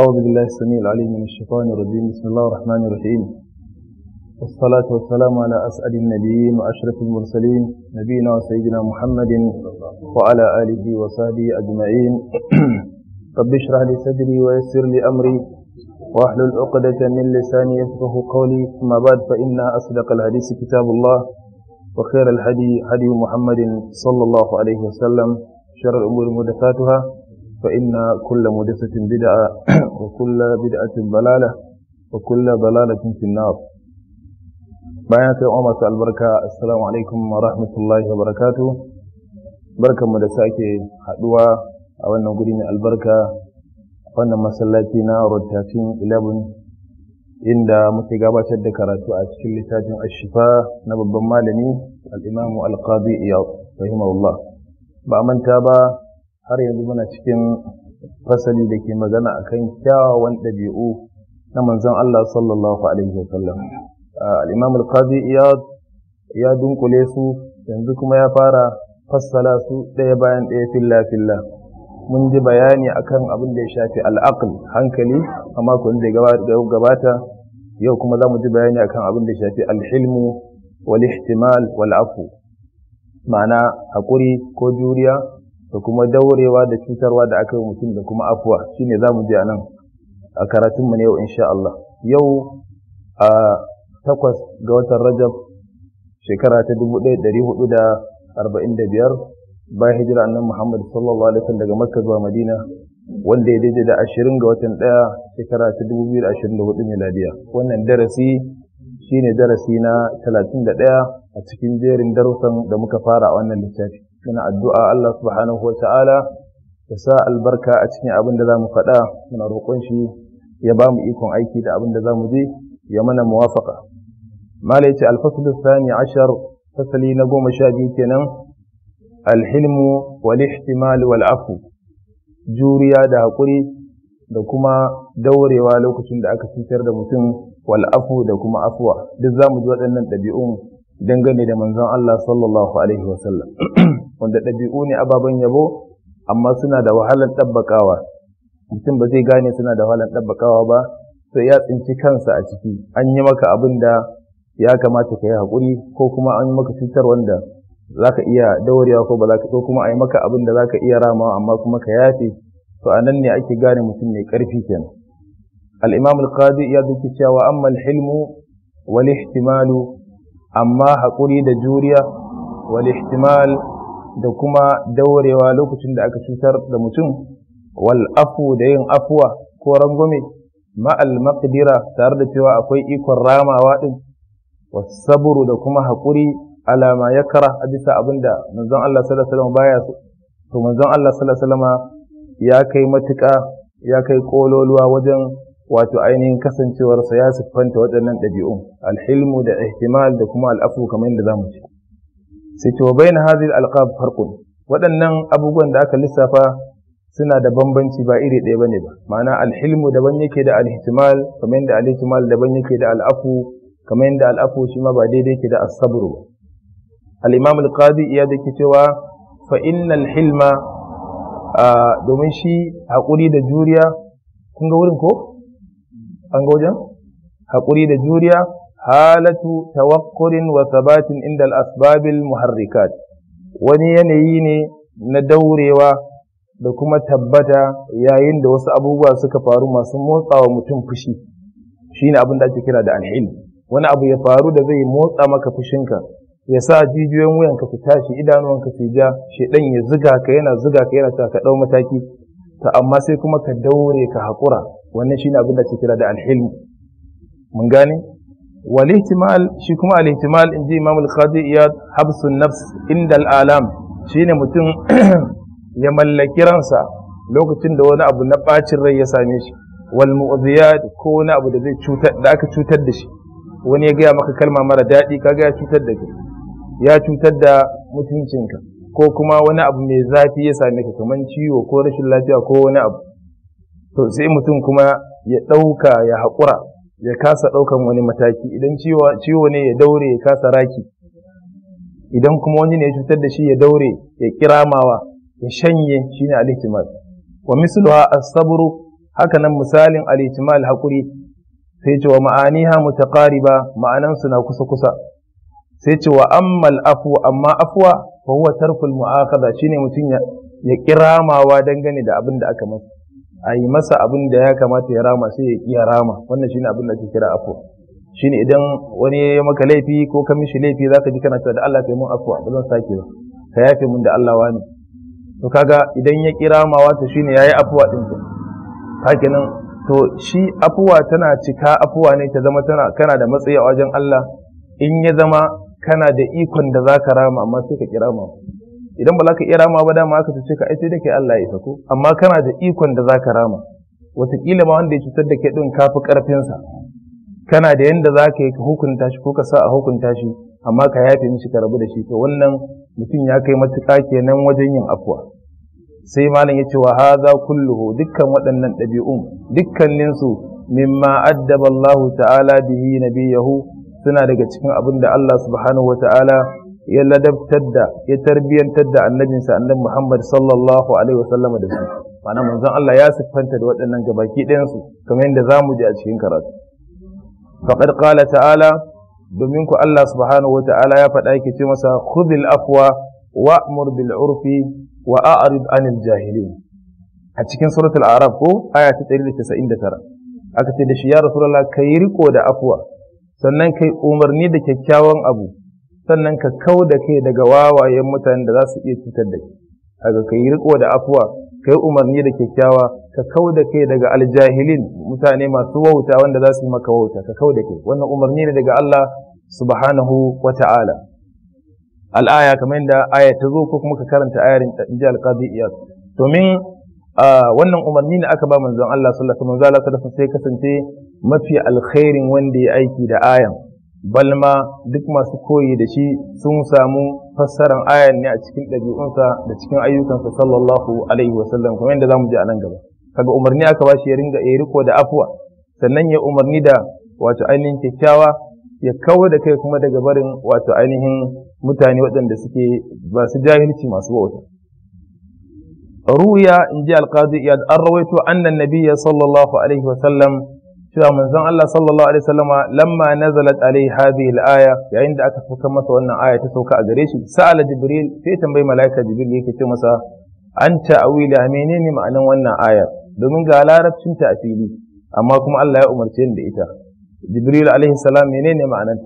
أعوذ بالله السميع العليم من الشيطان الرجيم بسم الله الرحمن الرحيم والصلاة والسلام على أسعد النبيين وأشرف المرسلين نبينا وسيدنا محمد وعلى آله وصحبه أجمعين رب اشرح لي صدري ويسر لي أمري واحلل عقدة من لساني يفقه قولي أما بعد فإن أصدق الحديث كتاب الله وخير الهدي هدي محمد صلى الله عليه وسلم شر الأمور محدثاتها فإن كل مدسة بدعة وكل بدعة ضلالة وكل ضلالة في النار بيات أمة البركة السلام عليكم ورحمة الله وبركاته بركة مدساك حدوى أولنا قرين البركة وأن مسلاتنا رتاتين إلابن inda muke gabatar da karatu a cikin littafin ashifa na babban malami al'imamu alƙadi iyad rahimahullah ba a manta ba har yanzu muna cikin fasali da ke magana akan kyawawan ɗabi'u na manzon Allah sallallahu alaihi wa sallam al qadi ya dunkule su yanzu kuma ya fara fassala su ɗaya bayan ɗaya filla filla mun ji bayani akan abin da ya shafi al'aql hankali a makon da ya gabata yau kuma za mu ji bayani akan abin da ya shafi alhilmu hilmu wal ihtimal wal afu ma'ana haƙuri ko juriya da kuma daurewa da cutarwa da aka yi mutum da kuma afuwa shine za mu je a nan a karatunmu ne yau insha Allah yau a takwas ga watan Rajab shekara ta dubu ɗaya ɗari hudu da arba'in da biyar bayan hijira annan Muhammad sallallahu alaihi wasallam daga Makka zuwa Madina wanda ya daidai da ashirin ga watan ɗaya shekara ta dubu biyu ashirin da hudu miladiya wannan darasi shine darasi na talatin da ɗaya a cikin jerin darussan da muka fara a wannan littafi muna addu'a Allah subhanahu wa ta'ala ya sa albarka a cikin abin da za mu faɗa muna roƙon shi ya ba mu ikon aiki da abin da za mu je ya mana muwafaka mala yace sani ashar fasali na goma sha biyu kenan alhilmu wal ihtimal wal afu juriya da haƙuri da kuma daurewa lokacin da aka cutar da mutum wal afu da kuma afuwa duk za mu ji waɗannan ɗabi'un dangane da manzon Allah sallallahu alaihi wanda ɗabi'u ne ababen yabo amma suna da wahalar ɗabbakawa mutum ba zai gane suna da wahalar ɗabbakawa ba sai ya tsinci kansa a ciki an yi maka abin da ya kamata ka yi haƙuri ko kuma an yi maka cutar wanda za ka iya daurewa ko ba za ka ko kuma a yi maka abin da za ka iya ramawa amma kuma ka yafe to a nan ne ake gane mutum mai ƙarfi kenan al-imam al-qadi ya duki cewa amma al-hilmu wal ihtimalu amma haƙuri da juriya wal ihtimal da kuma daurewa lokacin da aka cutar da mutum wal afu da yin afuwa ko rangwame ma'al maqdira tare da cewa akwai ikon ramawa din saburu da kuma haƙuri alama ya kara a bisa abin da manzon Allah sallallahu alaihi wasallam baya so to manzon Allah sallallahu alaihi ya kai matuƙa ya kai kololuwa wajen wato ainihin kasancewarsa ya siffanta waɗannan ɗabi'un alhilmu da ihtimal da kuma al'afu kamar yadda za mu ci sai ce wa na hazil alƙab farkon. waɗannan abubuwan da aka lissafa suna da bambanci ba iri ɗaya bane ba ma'ana alhilmu daban yake da alhitimal kamar yadda alhitimal daban yake da al'afu kamar yadda al'afu shi ma ba daidai yake da asabru. ba al-imam iya da ke cewa fa inna alhilma domin shi haƙuri da juriya kun ga wurin ko an ga wajen haƙuri da juriya halatu tawakkurin wa sabatin inda al'asbabil muharrikat wani yanayi ne na daurewa da kuma tabbata yayin da wasu abubuwa suka faru masu motsawa mutum fushi ne abin da ake kira da alhil wani abu ya faru da zai motsa maka fushinka ya sa jijiyoyin ka su tashi idanuwanka su ja shedan ya zuga ka yana zuga ka yana ta ka dau mataki ta amma sai kuma ka daure ka hakura wannan ne abin da ake kira da alhilm mun gane wal ihtimal shi kuma al ihtimal inji imam al qadi iyad habsun nafs inda al alam shine mutum ya mallaki ransa lokacin da wani abu na bacin rai ya same shi wal ko wani abu da aka cutar da shi wani ya gaya maka kalma mara daɗi kaga ya cutar da kai ya cutar da mutuncinka ko kuma wani abu mai zafi ya same ka kamar ciwo ko rashin lafiya ko wani abu to sai mutum kuma ya ɗauka ya haƙura ya kasa ɗaukan wani mataki idan ciwo ne ya daure ya kasa raki idan kuma wani ne ya cutar da shi ya daure ya kiramawa ya shanye shine ne ihtimal wa misluha as-sabru hakanan misalin al hakuri sai ce wa ma'aniha mutaqariba ma'anan su na kusa kusa sai ce wa ammal afu amma afwa fa huwa tarkul shine mutum ya kiramawa dangane da abin da aka masa a yi masa abin da ya kamata ya rama sai ya iya rama wannan shine abin da ake kira afwa shine idan wani ya maka laifi ko ka mishi laifi zaka ji kana cewa da Allah yi mun afwa ba zan sake ba ka yafe mun da Allah wani to kaga idan ya kira mawa to shine yayi afwa din ka hakinan to shi afuwa tana cika afuwa ne ta zama tana kana da matsayi a wajen Allah in ya zama kana da ikon da zaka rama amma sai ka kira idan ba za ka iya rama ba dama aka ce ka aice da ke Allah ya isa ko amma kana da ikon da za ka rama wataƙila ma wanda ya cutar da ke ɗin kafi ƙarfinsa kana da yadda za ka yi ka hukunta shi ko ka sa a hukunta shi amma ka yafe mishi ka rabu da shi to wannan mutum ya kai matuƙa kenan wajen yin afuwa sai malam ya ce wa za kulluhu dukkan waɗannan ɗabi'un dukkaninsu mimma addaba Allah ta'ala bihi nabiyahu suna daga cikin abin da Allah subhanahu wa ta'ala ya ladabtar da ya tarbiyantar da annabinsa annabi Muhammad sallallahu alaihi wasallam da su ma'ana manzon Allah ya siffanta da waɗannan gabaki ɗayan su kamar yadda zamu ji a cikin karatu faqad qala ta'ala domin ku Allah subhanahu wata'ala ya faɗa yake ce masa khudhil afwa wa'mur bil urfi wa a'rid anil jahilin a cikin suratul a'raf ko aya ta 199 aka ce da shi ya rasulullah kai riko da afwa sannan kai umarni da kyakkyawan abu sannan ka kau da kai daga wawayen mutanen da za su iya cutar da kai ka yi riko da afuwa kai umarni da kyakkyawa ka kau da kai daga aljahilin mutane masu wauta wanda za su yi maka wauta ka kau da kai wannan umarni ne daga Allah subhanahu wa ta'ala al'aya kamar yadda aya ta zo ko kuma ka karanta ayar in ji alqadi iyas domin wannan umarni ne aka ba manzon Allah sallallahu alaihi wasallam sai kasance mafi alkhairin wanda ya aiki da ayan balma duk masu koyi da shi sun samu fassaran ayan ne a cikin ɗabi'unsa da cikin ayyukansa sallallahu alaihi wasallam kuma yadda zamu ji a nan gaba kaga umarni aka bashi ya ringa ya riko da afuwa sannan ya umarni da wato ainihin kyakkyawa ya kawo da kai kuma daga barin wato ainihin mutane waɗanda suke ba su jahilci masu wauta ruya in ji alqadi iyad an rawaito annan nabiyya sallallahu alaihi wasallam cewa manzon Allah sallallahu alaihi wasallama lamma nazalat alaihi hadhihi al-aya yayin da aka sauka masa wannan aya ta sauka a gare shi sa'ala jibril sai tambayi malaika jibril yake ce masa an ta'awila menene ma'anan wannan aya domin ga larabcin ta a fili amma kuma Allah ya umarce ni da ita jibril alaihi salam menene ma'anan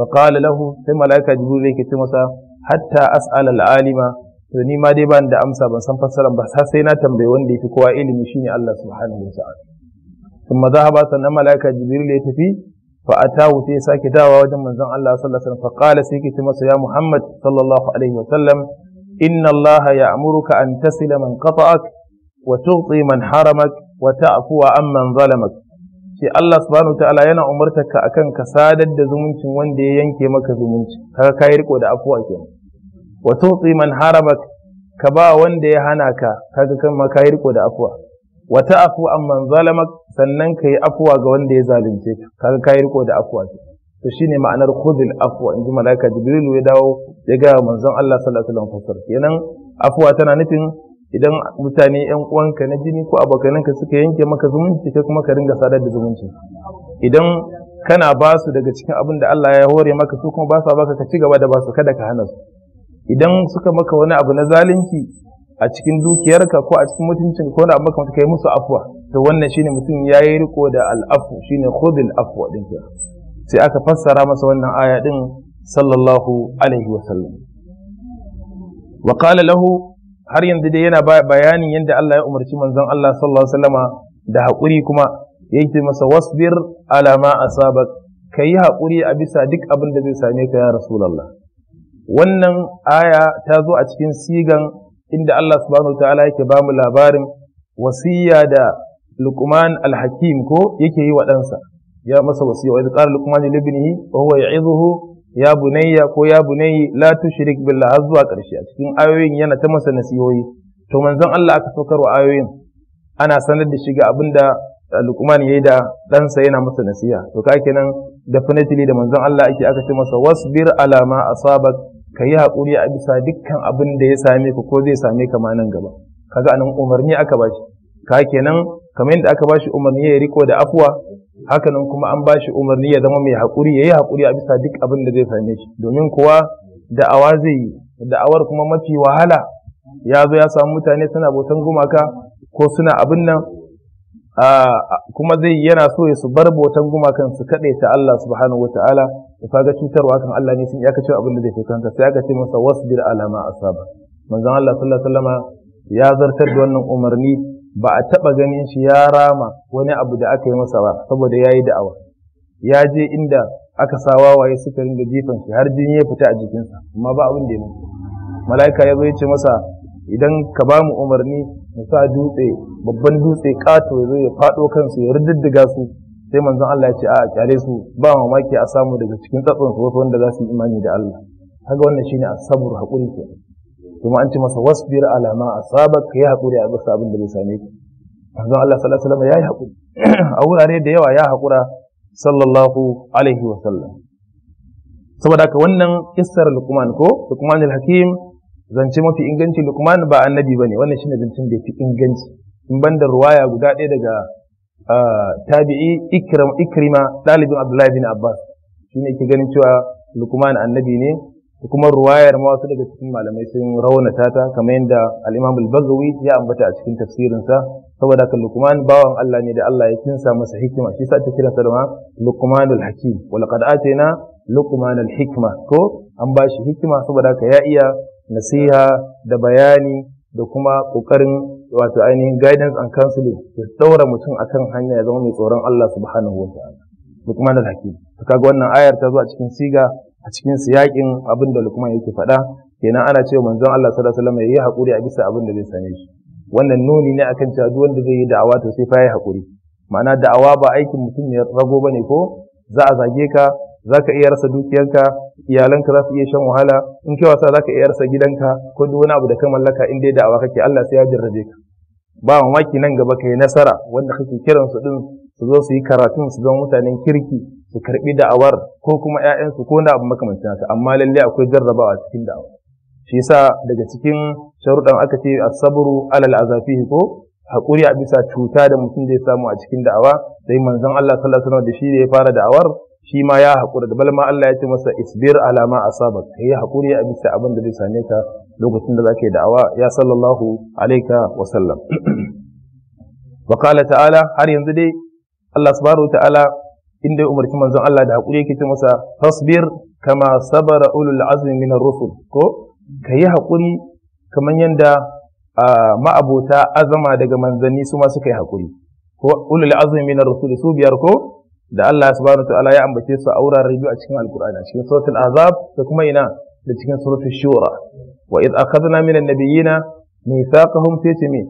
fa qala lahu sai malaika jibril yake ce masa hatta as'ala al-alima to ni ma dai ban da amsa ban san fassaran ba sai na tambayi wanda fi kowa ilimi shine Allah subhanahu wa ta'ala ثم ذهب سنة ملائكة جبريل يتفي فأتاه في ساكتا ووجم من زن الله صلى الله عليه وسلم فقال سيكت مس يا محمد صلى الله عليه وسلم إن الله يأمرك أن تصل من قطعك وتغطي من حرمك وتعفو عن من ظلمك shi Allah subhanahu ta'ala yana umartarka akan ka sadar da zumuncin wanda ya yanke maka zumunci kaga kai riko da afuwa kenan wa tuti man ka ba wanda ya hana ka kaga kan ma afuwa zalamak sannan ka yi afuwa ga wanda ya zalunce kaga ka yi riko da afuwa to shine ma'anar khudil afwa inji malaika jibril ya dawo ya ga manzon Allah sallallahu alaihi wasallam kenan afuwa tana nufin idan mutane yan uwanka na jini ko abokananka suka yanke maka zumunci kai kuma ka ringa sadar da zumunci idan kana ba su daga cikin abin da Allah ya hore maka su kuma ba su baka ka ci gaba da ba su kada ka hana su idan suka maka wani abu na zalunci a cikin dukiyarka ko a cikin mutuncinka ko wani abu maka kai musu afwa to wannan shine mutum yayi riko da al'afu shine khudil afwa din ke sai aka fassara masa wannan aya din sallallahu alaihi wa sallam wa qala lahu har yanzu dai yana bayanin yadda Allah ya umarci manzon Allah sallallahu alaihi da haƙuri kuma yake masa wasbir ala ma asabak kai haƙuri a bisa duk abin da zai same ka ya rasulullah wannan aya ta zo a cikin sigan inda Allah subhanahu wa ta'ala yake ba mu labarin wasiya da Luqman al-Hakim ko yake yi wa ɗansa ya masa wasiya wa idh qala Luqman li ibnihi wa huwa ya bunayya ko ya bunayyi la tushrik har zuwa ƙarshe a cikin ayoyin yana ta masa nasihoyi. to manzon Allah aka saukar wa ayoyin ana sanar da shi ga abinda eh, lukman yayi da ɗansa yana masa nasiha to ka kenan definitely da manzon Allah ake aka ce masa wasbir ala ma asabak kayi hakuri a bisa dukkan abin da ya same ka ko zai same ka ma nan gaba kaga anan umarni aka bashi ka kenan kamar yadda aka bashi umarni ya riko da afuwa hakanan kuma an bashi umarni ya zama mai haƙuri ya yi haƙuri a bisa duk abin da zai same shi domin kuwa da'awa zai yi da'awar kuma mafi wahala ya zo ya samu mutane suna botan gumaka ko suna abin nan kuma zai yana so ya su bar botan gumakan su kaɗai ta Allah subhanahu wataala da kaga cutarwa kan Allah ne sun iyaka cewa abin da zai kanka, sai aka ce masa wasbir alama asaba manzon Allah sallallahu alaihi wasallama ya zartar da wannan umarni ba a taɓa ganin shi ya rama wani abu da aka yi masa ba saboda ya yi da'awa ya je inda aka sa wawaye suka ringa jifan shi har jini ya fita a jikinsa amma ba abin da ya mutu mala'ika ya zo ya ce masa idan ka ba mu umarni mu sa dutse babban dutse kato ya zo ya faɗo kansu ya riddiga su sai manzon Allah ya ce a kyale su ba mamaki a samu daga cikin tsatsonsu wasu wanda za su yi imani da Allah kaga wannan shine asabur hakuri kenan kuma an ce masa wasbir alama asabak kai hakuri a bisa abin da zai same ka manzon Allah sallallahu alaihi yayi hakuri a wurare da yawa ya hakura sallallahu alaihi wa sallam. saboda haka wannan kissar Luqman ko Luqman al-Hakim zance mafi inganci Luqman ba annabi bane wannan shine zancen da fi inganci in banda ruwaya guda ɗaya daga tabi'i ikrima ɗalibin abdullahi bin abbas shine ke ganin cewa lukman annabi ne kuma ruwayar ma wasu daga cikin malamai sun raunata ta kamar yadda al'imam al bazawi ya ambata a cikin tafsirin sa saboda haka lukman bawan Allah ne da Allah ya kinsa masa hikima shi sa ta kira sa da ma al Hakim wa laqad atayna lukman al-hikma ko an ba shi hikima saboda haka ya iya nasiha da bayani da kuma kokarin wato ainihin guidance and counseling ya tsaura mutum akan hanya ya zama mai tsoron Allah subhanahu wa ta'ala lukman al-Hakim kaga wannan ayar ta zo a cikin siga a cikin siyakin abin da Lukman yake faɗa kenan ana cewa manzon Allah sallallahu alaihi wasallam yayi hakuri a bisa abin da zai same shi wannan nuni ne akan cewa duk wanda zai yi da'awa to sai fa yayi hakuri ma'ana da'awa ba aikin mutum ya rago bane ko za a zage ka za ka iya rasa dukiyarka iyalanka za su iya shan wahala in kai wasa za ka iya rasa gidanka ko duk wani abu da ka mallaka in dai da'awa kake Allah sai ya jarrabe ka ba mamaki nan gaba kai nasara wanda kake kiran su din su zo su yi karatun su zama mutanen kirki su karbi da'awar ko kuma yayansu ko na abu makamancin haka amma lalle akwai jarrabawa cikin da'awa shi yasa daga cikin sharuɗan aka ce asabru sabru alal azafihi ko hakuri a bisa cuta da mutum zai samu a cikin da'awa sai manzon Allah sallallahu alaihi da shi ne ya fara da'awar shi ma ya hakura da balma Allah ya ce masa isbir ala ma asabak kai hakuri a bisa abin da zai same ka lokacin da zaka yi da'awa ya sallallahu alaika wa sallam wa qala ta'ala har yanzu dai Allah subhanahu wa ta'ala inda ya umarci manzon Allah da haƙuri yake ce masa tasbir kama sabara ulul azmi min rusul ko yi hakuri kamar yanda ma'abota azama daga manzanni su ma suka yi hakuri ko ulul azmi min rusul su biyar ko da Allah subhanahu ya ambace su a wuraren biyu a cikin alkur'ani a cikin suratul azab da kuma ina da cikin suratul shura wa id akhadna minan nabiyina ميثاقهم تيتمي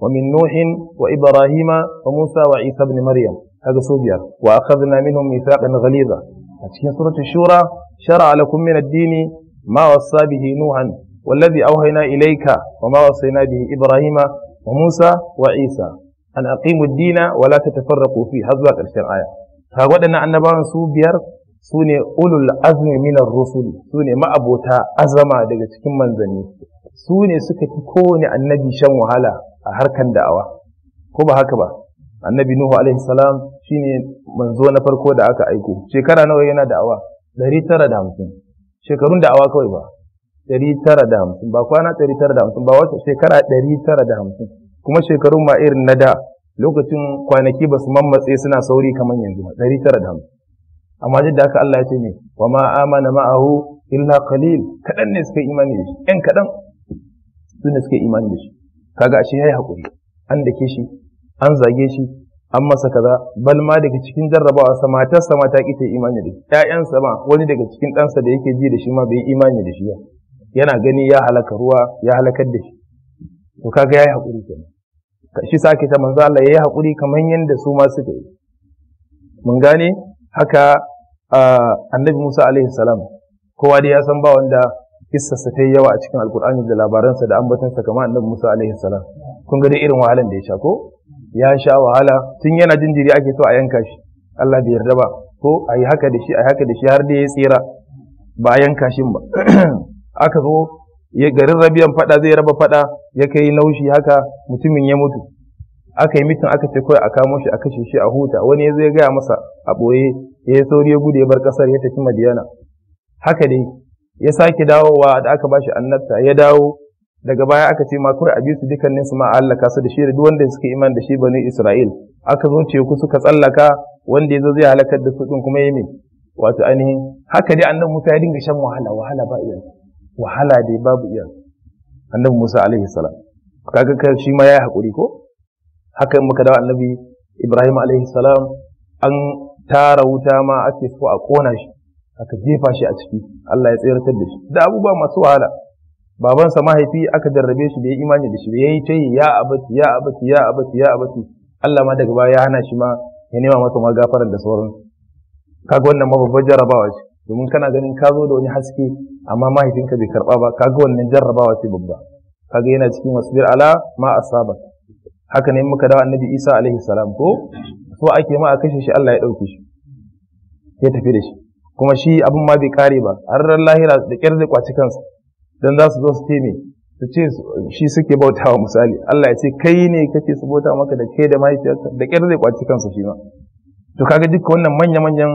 wa ibrahima wa musa wa isa بن Maryam. kaga so biyar wa akhadna minhum mithaqan ghaliza a cikin suratul shura shar'a lakum min ad-dini ma wassa bihi nuhan والذي أوهينا إليك وما وصينا به إبراهيم وموسى وعيسى أن أقيموا الدين ولا تتفرقوا فيه هذا الشرع آية فودنا أن نبان سو بير سوني أولو الأزم من الرسل سوني ما أبوتا أزما daga cikin manzanni sune suka fi kowane annabi shan wahala a harkan da'awa ko ba haka ba annabi nuhu salam ne manzo na farko da aka aiko shekara nawa yana da'awa ɗari tara da hamsin shekarun da'awa kawai ba ɗari tara da hamsin ba kwana ɗari tara da hamsin ba wata shekara ɗari tara da hamsin kuma shekarun ma irin na da lokacin kwanaki ba su mammatse suna sauri kamar yanzu ba ɗari tara da hamsin amma duk da haka Allah ya ce ne wa ma amana ma'ahu illa qalil kaɗan ne suka imani da shi ƴan kaɗan su ne suka imani da shi kaga ashe yayi hakuri an dake shi an zage shi an masa kaza bal ma daga cikin jarrabawa sa matarsa ma ta ki ta imani da shi ƴaƴansa ma wani daga cikin ɗansa da yake ji da shi ma bai imani da shi ba yana gani ya halaka ruwa ya halakar da shi to kaga yayi hakuri kenan shi sake ta manzo Allah yayi hakuri kamar yanda su ma suka yi mun gane haka annabi Musa alaihi salam kowa dai ya san ba wanda kissarsa ta yi yawa a cikin alkur'ani da labaransa da ambatansa kamar annabi Musa alaihi salam kun ga da irin wahalan da ya sha ko ya sha wahala tun yana jinjiri ake so a yanka shi Allah bai yarda ba ko a haka da shi a haka da shi har da ya tsira ba a yanka shi ba aka zo ya garin rabiyan fada zai raba fada ya kai naushi haka mutumin ya mutu aka yi mitin aka ce kawai a kamo shi a kashe shi a huta wani ya zai gaya masa a ɓoye ya yi sauri ya gudu ya bar kasar ya tafi madiyana haka dai ya sake dawowa da aka ba shi annabta ya dawo daga baya aka ce ma kawai a bi su dukkanin su ma Allah su da shi da wanda suke iman da shi bani Isra'il aka zo teku suka tsallaka wanda yazo zai halakar da su din kuma yemi wato ainihin haka dai annabi Musa ya dinga shan wahala wahala ba iya wahala dai babu iya annabi Musa alaihi salam kaga kai shi ma yayi hakuri ko haka muka dawo annabi Ibrahim alaihi salam an tara wuta ma ake so a kona shi aka jefa shi a ciki Allah ya tsayar da shi da abubuwa masu wahala babansa mahaifi aka jarrabe shi da ya imani da shi da yayi yi ya abati ya abati ya abati ya abati Allah ma daga baya ya hana shi ma ya nema masa ma da sauran kaga wannan ma babbar jarrabawa ce domin kana ganin ka zo da wani haske amma mahaifinka bai karba ba kaga wannan jarrabawa ce babba kaga yana cikin wasbir ala ma asaba haka ne muka dawo annabi Isa alaihi salam ko so ake ma a kashe shi Allah ya dauke shi ya tafi da shi kuma shi abin ma bai kare ba har lahira da kyar kwaci kansa dan za su zo su teme su ce shi suke bautawa misali Allah ya ce kai ne kake su bauta maka da kai da mahaifiyarka da kyar zai kwaci kansa shi ma to kaga duka wannan manya-manyan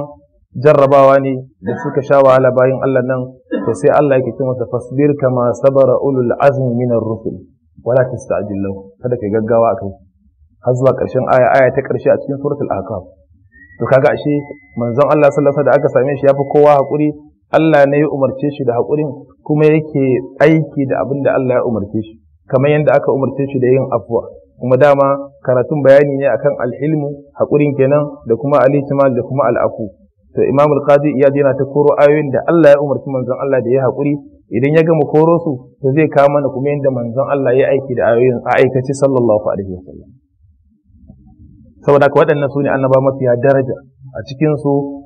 jarrabawa ne da suka sha wahala bayan Allah nan to sai Allah yake cewa ta fasbir kama sabara ulul azmi ar rusul wala tasta'jil lahu kada kai gaggawa akai har zuwa karshen aya aya ta karshe a cikin suratul ahqaf to kaga ashe manzon Allah sallallahu alaihi wasallam da aka same shi yafi kowa hakuri Allah ne ya umarce shi da haƙurin kuma yake aiki da abin da Allah ya umarce shi kamar yadda aka umarce shi da yin afuwa kuma dama karatun bayani ne akan alhilmu haƙurin kenan da kuma alihtimal da kuma al'afu to Imam al-Qadi yana ta koro ayoyin da Allah ya umarci manzon Allah da ya haƙuri idan ya gama koro su to zai kawo mana kuma yadda manzon Allah ya aiki da ayoyin a aikace sallallahu alaihi wasallam saboda ka waɗannan su ne annaba mafiya daraja a cikin su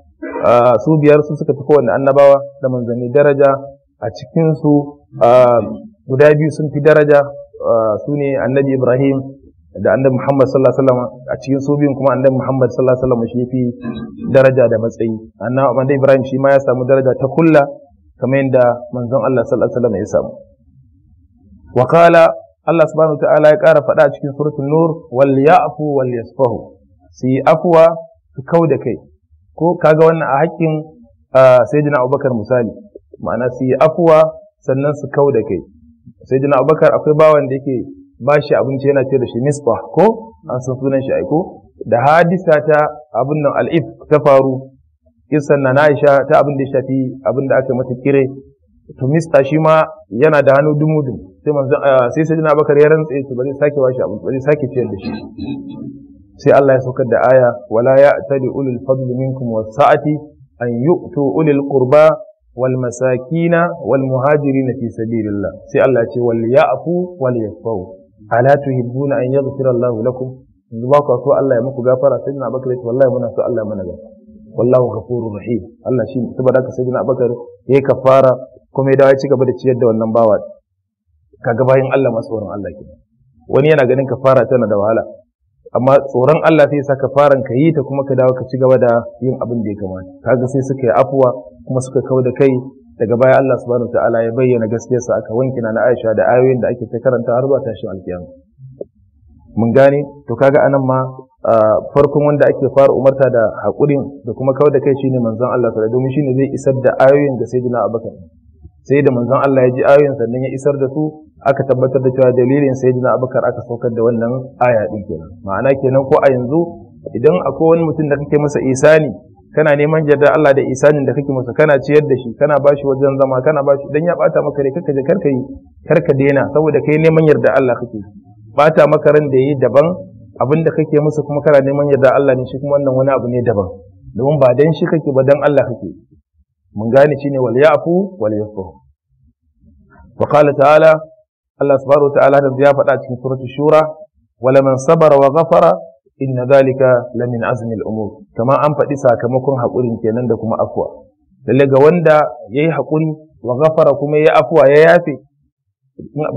su biyar su suka fi kowanne annabawa da manzanni daraja a cikinsu guda biyu sun fi daraja su ne annabi ibrahim da annabi muhammad sallallahu alaihi wasallam a cikin su biyun kuma annabi muhammad sallallahu alaihi wasallam shi fi daraja da matsayi annabi ibrahim shi ma ya samu daraja ta kulla kamar yadda manzon allah sallallahu alaihi wasallam ya samu wa qala allah subhanahu wa ta'ala ya kara faɗa a cikin suratul nur wal ya'fu wal yasfahu su yi afuwa su kau da kai ko kaga wannan a hakkin, sayyidina abubakar misali ma'ana su yi afuwa sannan su kau da kai sayyidina abubakar akwai bawan da yake ba shi abinci yana ce da shi misba ko an san sunan shi aiko da hadisa ta abin nan al'if ta faru kisan na Aisha ta abin da ya shafi abin da aka mata kire to mista shi ma yana da hannu dumudum sai manzo sai sayyidina abubakar ya rantse shi ba zai sake abinci ba zai sake ciyar da shi sai Allah ya saukar da aya wala ya ya'tali ulul fadli minkum was sa'ati an yu'tu ulul qurba wal masakina wal muhajirin fi sabilillah sai Allah ya ce wal ya'fu wal yasfahu ala tuhibbuna an yaghfira Allah lakum yanzu ba ku so Allah ya muku gafara sai na bakar wallahi muna so Allah mana gafara wallahu ghafurur rahim Allah shi saboda haka sai na bakar yayi kafara kuma ya dawo ya ci gaba da ciyar da wannan bawa kaga bayan Allah masu wurin Allah kenan wani yana ganin kafara tana da wahala amma tsoron Allah sai saka faran ka yi ta kuma ka dawo ka ci gaba da yin abin da ya kamata kaga sai suka yi afuwa kuma suka kawo da kai daga baya Allah subhanahu ta'ala ya bayyana gaskiyarsa aka wanke na Aisha da ayoyin da ake ta karanta har zuwa tashin alkiyama mun gane to kaga anan ma farkon wanda ake fara umarta da haƙurin da kuma kawo da kai shine manzon Allah sallallahu alaihi wasallam shine zai isar da ayoyin da sayyidina Abubakar sai da manzon Allah ya ji ayoyin sannan ya isar da su aka tabbatar da cewa dalilin sayyidina Abubakar aka saukar da wannan aya din kenan ma'ana kenan ko a yanzu idan akwai wani mutum da kake masa isani kana neman yarda Allah da isanin da kake masa kana ciyar da shi kana bashi wajen zama kana bashi dan ya bata maka rai kake karka yi karka daina saboda kai neman yarda Allah kake bata maka ran da yi daban abin da kake masa kuma kana neman yarda Allah ne shi kuma wannan wani abu ne daban domin ba dan shi kake ba dan Allah kake mun gane shine wal ya'fu wal wa qala ta'ala Allah subhanahu wa ta'ala da ya faɗa cikin suratu shura wala man sabara wa ghafara inna dhalika la min azmi al umur kama an faɗi sakamakon haƙurin kenan da kuma afwa lalle ga wanda yayi hakuri wa ghafara kuma yayi afwa ya yafe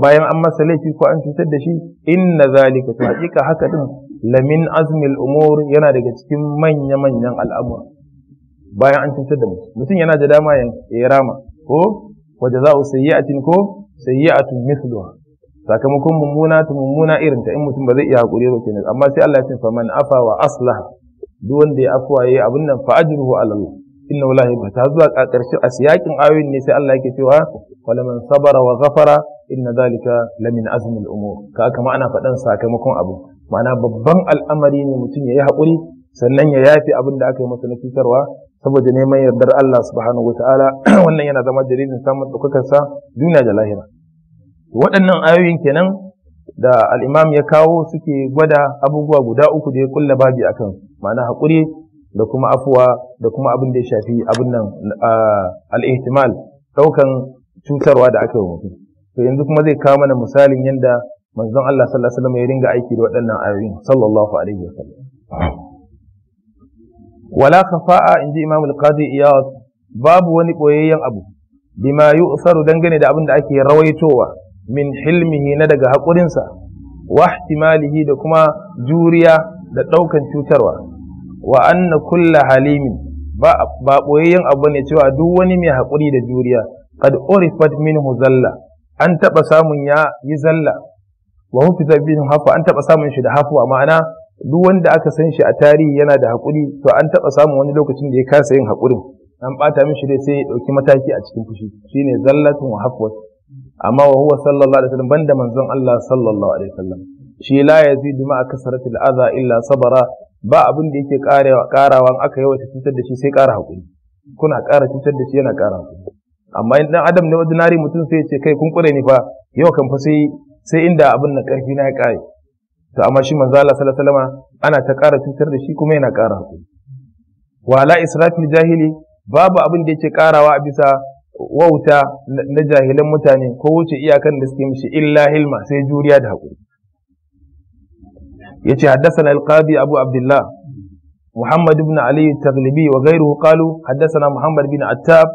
bayan an masa laifi ko an cutar da shi inna zalika to hakika haka din lamin azmil umur yana daga cikin manya manyan al'amura bayan an cutar da mutum mutum yana da dama ya rama ko wa a sayyi'atin ko sayyi'atun mithluha sakamakon mummuna ta mummuna irin ta in mutum ba zai iya hakuri ba kenan amma sai Allah ya ce faman afa wa aslaha duk wanda ya afuwa yayi abin nan fa ajruhu ala Allah inna wallahi ba ta zuwa a ƙarshe a siyakin ayoyin ne sai Allah yake cewa wala man sabara wa ghafara inna zalika lamin azmi al-umur ka kama ana faɗan sakamakon abu ma'ana babban al'amari ne mutum yayi haƙuri sannan ya yafi abin da aka yi masa na cutarwa saboda neman yardar Allah subhanahu wataala wannan yana zama dalilin samun ɗaukakar sa duniya da lahira waɗannan ayoyin kenan da al'imam ya kawo suke gwada abubuwa guda uku da ya kulla babi akan ma'ana haƙuri da kuma afuwa da kuma abin da ya shafi abin nan al'ihtimal ɗaukan cutarwa da aka yi mutum to yanzu kuma zai kawo mana misalin yadda manzon Allah sallallahu alaihi wasallam ya ringa aiki da waɗannan ayoyin sallallahu alaihi wasallam wala kafa'a inji imam al-qadi iyas babu wani ɓoyayyen abu bima usaru dangane da abin da ake rawaitowa min hilmihi na daga haƙurinsa wa ihtimalihi da kuma juriya da ɗaukan cutarwa wa anna kulla halimin ba ba abu ne cewa duk wani mai haƙuri da juriya qad min hu, zalla an taɓa samun ya yi zalla wa hufiza bin hafu? an taɓa samun shi da hafu ma'ana duk wanda aka san shi a tarihi yana da haƙuri to an taɓa samun wani lokacin da ya kasa yin haƙurin an ɓata mishi dai sai ya ɗauki mataki a cikin fushi shine zallatun wa hafwat amma wa huwa sallallahu alaihi wasallam banda manzon Allah sallallahu alaihi wasallam shi la yazidu ma kasarati al'aza illa sabara ba abin da yake karawa an aka yawaita cutar da shi sai ƙara haƙuri kuna ƙara cutar da shi yana ƙara haƙuri amma in dan adam ne wajinari mutum sai ya ce kai kun kure ni fa yau kan fa sai sai inda abin na ƙarfi na ya ƙare to amma shi manzo Allah sallallahu alaihi ana ta ƙara cutar da shi kuma yana ƙara hakuri wala israfil jahili babu abin da yake ƙarawa a bisa wauta na jahilan mutane ko wuce iyakan da suke mishi illa hilma sai juriya da hakuri yace haddathana al-qadi abu abdullah محمد بن علي التغلبي وغيره قالوا حدثنا محمد بن عتاب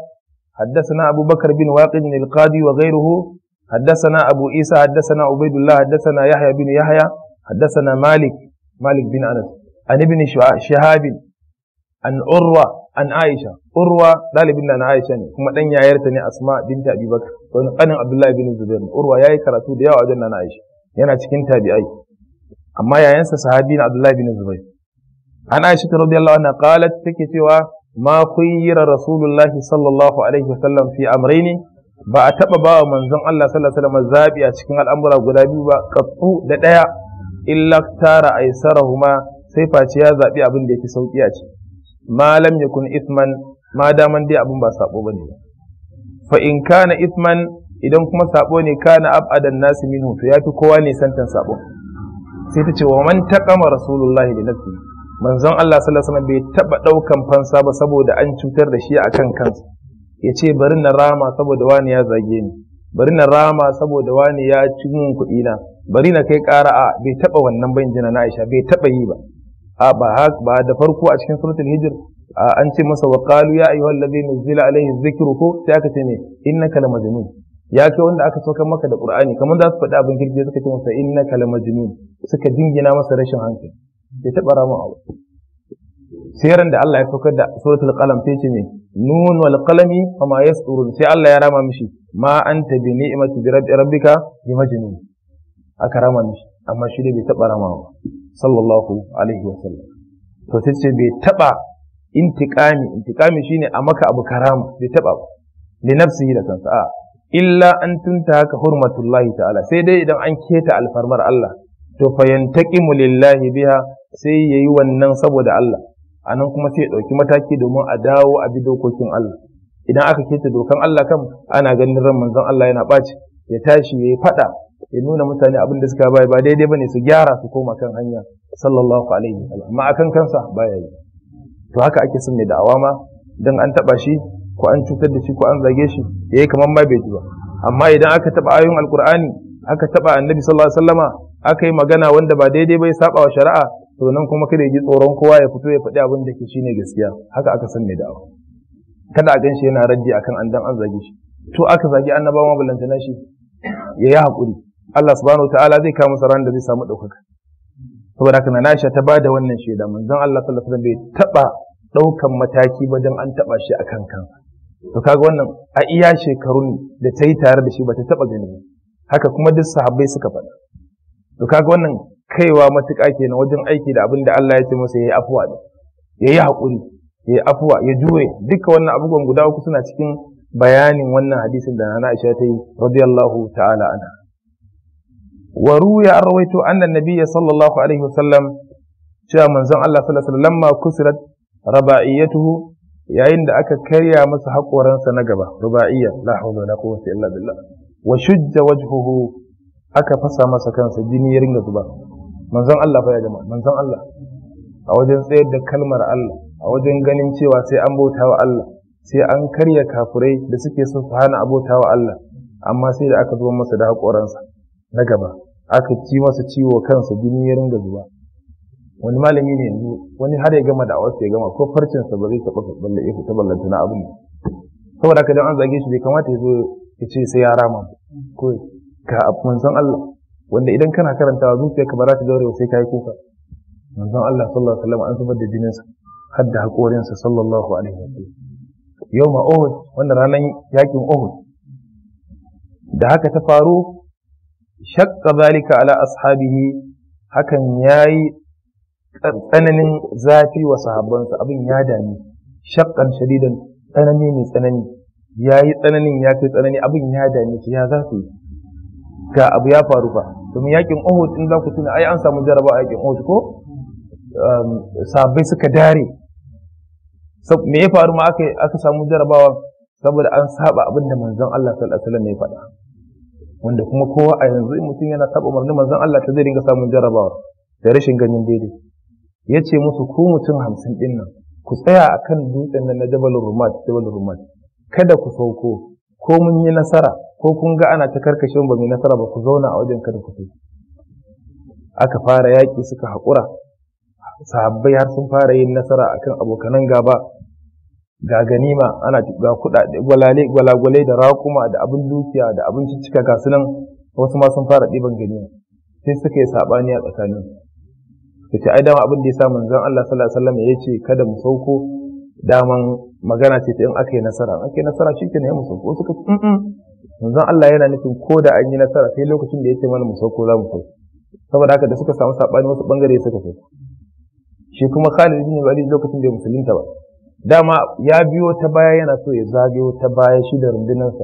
حدثنا أبو بكر بن واقد القاضي وغيره حدثنا أبو عيسى حدثنا عبيد الله حدثنا يحيى بن يحيى حدثنا مالك مالك بن أنس عن ابن شهاب عن عروة عن عائشة عروة ذلك بن عائشة كما دن يعيرتني أسماء بنت أبي بكر وأنا عبد الله بن الزبير عروة يا كراتو ديا وأجلنا عائشة yana cikin tabi'ai amma yayansa sahabi na Abdullahi bin Zubair an Aisha radiyallahu anha qalat take cewa ma khayyira Rasulullah sallallahu alaihi wasallam fi amrayni ba a ba bawa manzon Allah sallallahu alaihi wasallam zabi a cikin al'amura guda biyu ba kafu da ɗaya. illa tara aisarahuma sai face ya zaɓi abin da yake sauki a ci malam yakun ithman ma daman dai abin ba sabo bane fa in kana ithman idan kuma saɓo ne kana abadan nasu minhu to fi kowa ne santan saɓo. sai ta ce wa man taqama rasulullahi li nafsi manzon Allah sallallahu alaihi wasallam bai taba ɗaukan fansa ba saboda an cutar da shi akan kansa ya ce bari na rama saboda wani ya zage ni bari na rama saboda wani ya ci mun kuɗi na bari na kai ƙara a bai taɓa wannan ban jina na Aisha bai taɓa yi ba a ba da farko a cikin suratul hijr an ce masa wa qalu ya ayyuhal ladhi nuzila alayhi dhikru ko sai aka ce ne innaka lamajnun ya kai wanda aka saukar maka da qur'ani kamar za su faɗi abin kirje suka ce masa innaka lamajnun suka dingina masa rashin hankali bai taɓa rama a sai da Allah ya saukar da suratul qalam sai ce ne nun wal qalami fama sai Allah ya rama mishi ma anta bi ni'mati rabbika bi majnun aka rama mishi amma shi ne bai taɓa ramawa sallallahu alaihi wa sallam to sai ce bai taɓa intiqami intiqami shine a maka abu karama bai taɓa ba li nafsihi da kansa a illa an tunta haka hurmatullahi ta'ala sai dai idan an keta alfarmar Allah to fa yantaqimu lillahi biha sai yayi wannan saboda Allah anan kuma sai ya ɗauki mataki domin a dawo a bi dokokin Allah idan aka keta dokan Allah kan ana ganin ran manzon Allah yana ɓaci ya tashi yayi faɗa ya nuna mutane abin da suka bai ba daidai bane su gyara su koma kan hanya sallallahu alaihi wa amma akan kansa baya yi to haka ake son mai da'awa ma dan an taba shi ko an cutar da shi ko an zage shi yayi eh kamar ma bai ji ba amma idan aka taba ayoyin alqur'ani aka taba annabi sallallahu alaihi wasallama aka yi magana wanda ba daidai bai saba wa shari'a to nan kuma kada ya ji tsoron kowa ya fito ya fadi abin da ke shine gaskiya haka aka san mai da'awa kada a gan shi yana raddi akan an dan an zage shi to aka zage annabawa ballantana shi ya yi Allah subhanahu wa ta'ala zai kama saran da zai samu ɗaukaka saboda haka na Aisha ta bada wannan shaida manzon Allah sallallahu alaihi wasallam bai taba ɗaukan mataki ba dan an taɓa shi kan kansa to kaga wannan a iya shekarun da ta yi tare da shi ba ta taba gani haka kuma duk sahabbai suka faɗa to kaga wannan kaiwa matuƙa kenan wajen aiki da abin da Allah ya ce masa ya yi afuwa da yi haƙuri yi afuwa ya jure duka wannan abubuwan guda uku suna cikin bayanin wannan hadisin da na Aisha ta yi radiyallahu ta'ala anha Waru ya an rawaito anna nabiyya sallallahu alaihi wasallam cewa manzon Allah sallallahu alaihi wasallam lamma kusirat raba'iyatuhu yayin da aka karya masa haƙoransa na gaba ruba'iyya la hawla wala quwwata illa billah wa shujja wajhuhu aka fasa masa kansa jini ya ringa zuba manzon Allah fa ya jama'a manzon Allah a wajen tsayar da kalmar Allah a wajen ganin cewa sai an bautawa Allah sai an karya kafurai da suke son su hana abota Allah amma sai da aka zuba masa da haƙoransa na gaba aka ci masa ciwo kansa jini ya ringa zuba wani malami ne yanzu wani har ya gama wasu ya gama ko farcin sa ba zai taba balle ya fita ballanta na abin saboda haka dan an zage shi bai kamata ya zo ya ce sai ya rama ko ka abun san Allah wanda idan kana karantawa zuciyarka ba za ta daure sai kai kuka manzon Allah sallallahu alaihi wasallam an zubar da jinin sa har da hakorin sa sallallahu alaihi wasallam yau ma Uhud wannan ranar yakin Uhud da haka ta faru shakka zalika ala ashabihi hakan yayi tsananin zafi wa sahabbansa abin ya dame shakkan shadidan tsanani ne tsanani ya yi tsananin ya kai tsanani abin ya dame shi ya zafi ga abu ya faru fa domin yakin Uhud in za ku tuna ai an samu jaraba a yakin Uhud ko um, sabai suka dare me ya faru ma aka samu jarabawa saboda an saba abin da manzon Allah sallallahu alaihi wasallam ya faɗa wanda kuma kowa a yanzu in mutum yana taɓa umarnin manzon Allah ta zai dinga samun jarabawa da rashin ganin daidai ya ce musu ku mutum hamsin ɗin ku tsaya a kan dutsen nan na jabalin rumat jabalin rumat kada ku sauko ko mun yi nasara ko kun ga ana ta karkashin ba mai nasara ba ku zauna a wajen kada ku aka fara yaƙi suka haƙura sahabbai har sun fara yin nasara akan abokanan gaba ga ganima ana ga gwalale gwalagwale da raƙuma da abin dukiya da abin cicika ga sunan wasu ma sun fara ɗiban ganima sai suka yi saɓani a tsakanin ce ai dama abin da ya sa manzon Allah sallallahu alaihi wasallam ya ce kada mu sauko daman magana ce ta in aka yi nasara aka yi nasara shikenan ya mu sauko suka ce manzon Allah yana nufin ko da an yi nasara sai lokacin da ya ce mana mu sauko za mu sauko saboda haka da suka samu saɓani wasu ɓangare suka sauko shi kuma Khalid bin Walid lokacin da ya musulunta ba dama ya biyo ta baya yana so ya zagayo ta baya shi da rundunansa